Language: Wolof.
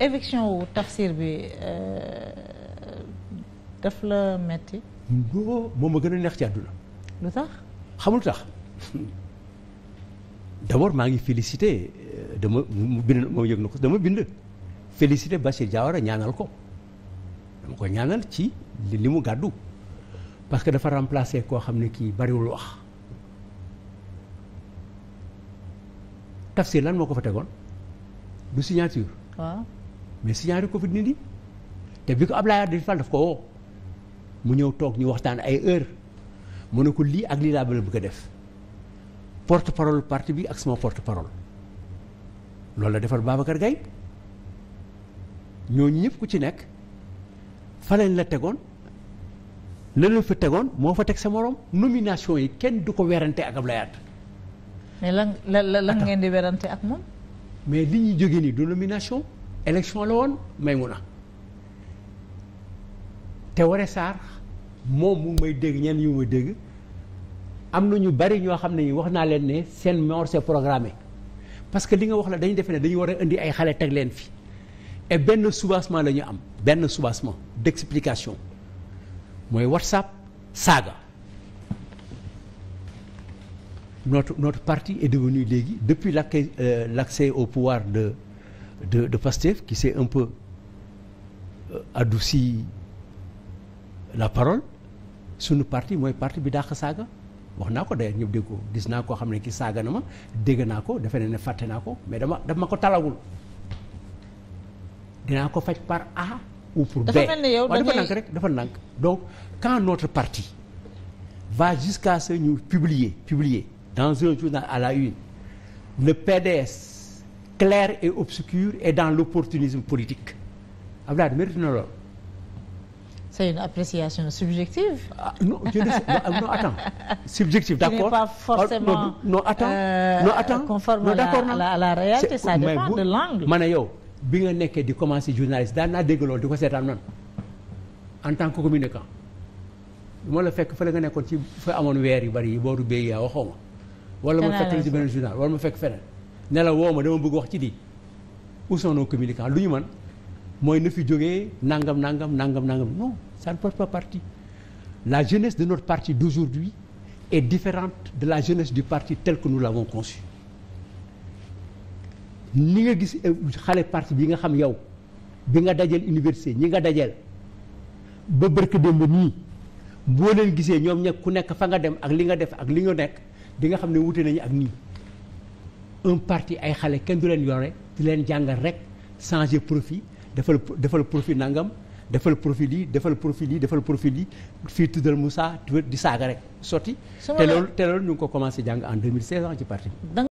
éviction wu tafsir bi euh, daf la metti non moom ma gën a neex ci àdduna. lu tax xamul tax d'abord maa ngi félicité euh, dama mu bind moom yëg na ko dama bind félicité Bachir Diawara ñaanal ko dama ko ñaanal ci li mu gàddu parce que dafa remplacer koo xam ne kii bariwul wax tafsir lan moo ko fa tegoon du signature mais signalé ko fi dindi te bi ko Abdoulaye Wade Fall daf ko woo mu ñëw toog ñu waxtaan ay heure mu ne ko lii ak lii laa bëgg a def porte parole parti bi ak sama porte parole loolu la defal Babacar Gaye ñooñu ñëpp ku ci nekk fa la tegoon la leen fa tegoon moo fa teg sa morom nomination yi kenn du ko werante ak Abdoulaye Wade mais lan la lan ngeen di werante ak moom. mais li ñuy jóge nii du nomination. élection la woon Maymuna te Woré Sarr moom mu may dégg ñenn ñu may dégg am na ñu bari ñoo xam ne wax naa leen ne seen mort c'est programmé parce que li nga wax la dañu defe ne dañu war a indi ay xale teg leen fi et benn soubassement la ñu am benn soubassement d'explication mooy WhatsApp saaga notre notre parti est devenu léegi depuis l'accès euh, l'accès au pouvoir de de de Pastef qui s'est un peu si euh, la parole sunu partie mooy parti bi dàq saaga wax naa ko d'ailleurs ñëpp dégg ko gis naa koo xam ne ki saaga na ma dégg naa ko defe ne ne fàtte naa ko mais dama dama ko talagul dinaa ko faj par A ou pour B waaw dafa nànk rek dafa nank donc quand notre parti va jusqu'à ce ñu publier publier dans un journal à la une le PDS claire et obscur et dans l'opportunisme politique Abdoulaye mérite na lool. c'est une appréciation subjective. Ah, non, je dis, ah, subjective d'accord pas forcément ah, non non attends euh, non attends conforme non, à, la, la, à la réalité ça dépend yow bi nga nekkee di commencer journaliste daan naa dégg loolu di ko seetaan noonu en tant que communicant moo la fekk fële nga nekkoon ci fa amoon weer yi bari yi booru béy yaa ah, waxoo ma wala ma fekk ci beneen journal wala ma fekk feneen ne la woo ma dama bëgg wax ci di où sont communicat lu ñu man mooy na fi jógee nangam nangam nangam nangam non ça ne porte pas parti la jeunesse de notre parti d'aujourd'hui est différente de la jeunesse du parti tel que nous l'avons conçu ni nga gis euh, xale parti bi nga xam yow bi nga dajeel université ñi nga dajeel ba bërk démb nii boo leen gisee ñoom ña ku nekk fa nga dem ak li nga def ak li nga nekk di nga xam ne wute nañu ak nii un parti ay xale kenn du leen yore di leen jàngal rek changer profit defal defal profit nangam defal profit lii defal profit lii defal profit lii fii tuddal Moussa di saaga rek sotti. te loolu te ñu ko commencé jàng en 2016 ci parti